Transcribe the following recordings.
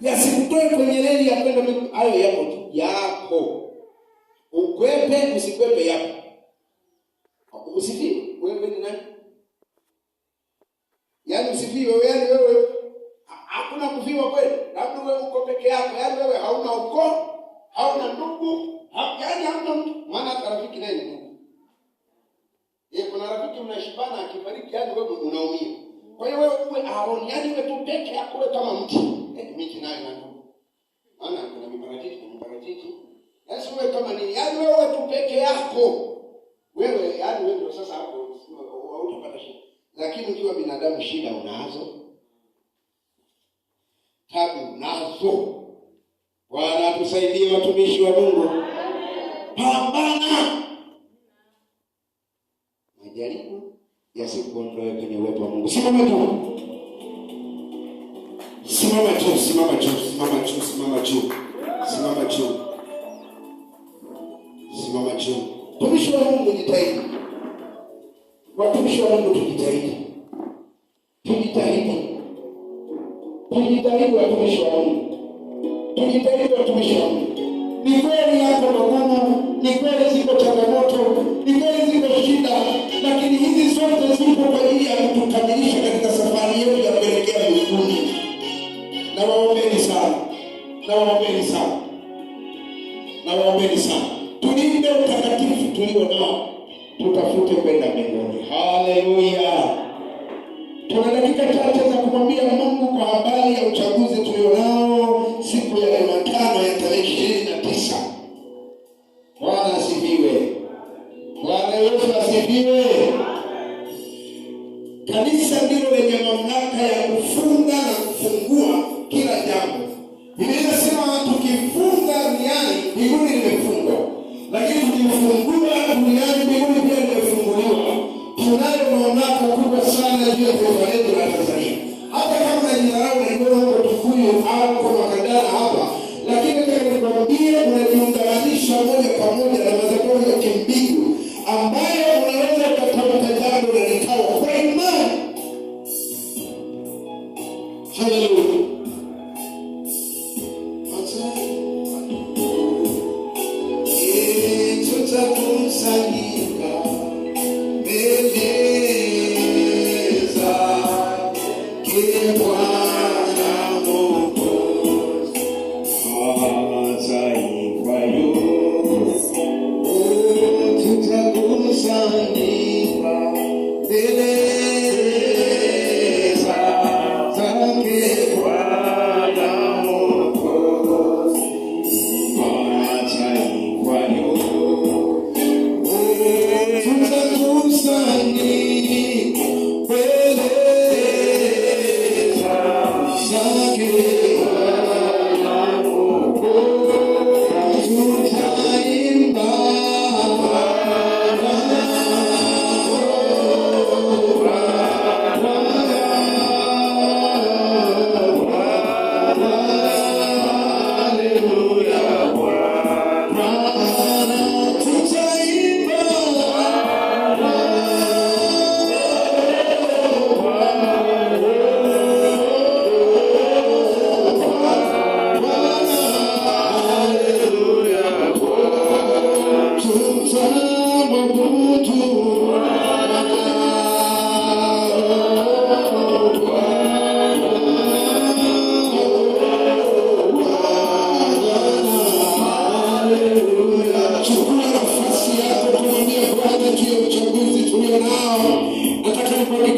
yasikutoe kwenye reli ya kwenda mbinguni. Hayo yapo tu, yapo, ukwepe usikwepe, yapo. Usifii wewe ni nani? Yaani usifii wewe, yaani wewe hakuna kufiwa kweli, labda wewe uko peke yako, yaani wewe hauna uko hauna ndugu, yaani hauna mtu, maana hata rafiki naye ni ndugu. Kuna rafiki mnashibana, akifariki, yaani wewe unaumia. Kwa hiyo wewe uwe aoni, yaani wewe tu peke yako, wewe kama mtu ya kimiti nayo na maana kuna miparajiti na miparajiti. Sasa wewe kama nini? Yaani wewe tu peke yako. Wewe yaani wewe ndio sasa hapo hautapata shida. Lakini ukiwa binadamu shida unazo. Tabu nazo Bwana atusaidie watumishi wa Mungu. Pambana. Majaribu yasikuondoe kwenye uwepo wa Mungu. Simama Simama juu, simama juu, simama juu, simama juu, simama juu, simama juu. Tumishi wa Mungu, jitahidi. Watumishi wa Mungu, tujitahidi, tujitahidi, tujitahidi, watumishi wa Mungu, tujitahidi, watumishi wa Mungu. na sana, na sana, tulinde utakatifu tulio nao, tutafute kwenda mbinguni. Haleluya! Tuna dakika chache za kumwambia Mungu kwa habari ya uchaguzi tulio nao siku ya Jumatano ya tarehe ishirini na tisa. Bwana asifiwe! Bwana Yesu asifiwe! Kanisa ndilo lenye mamlaka ya kufunga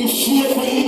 You here for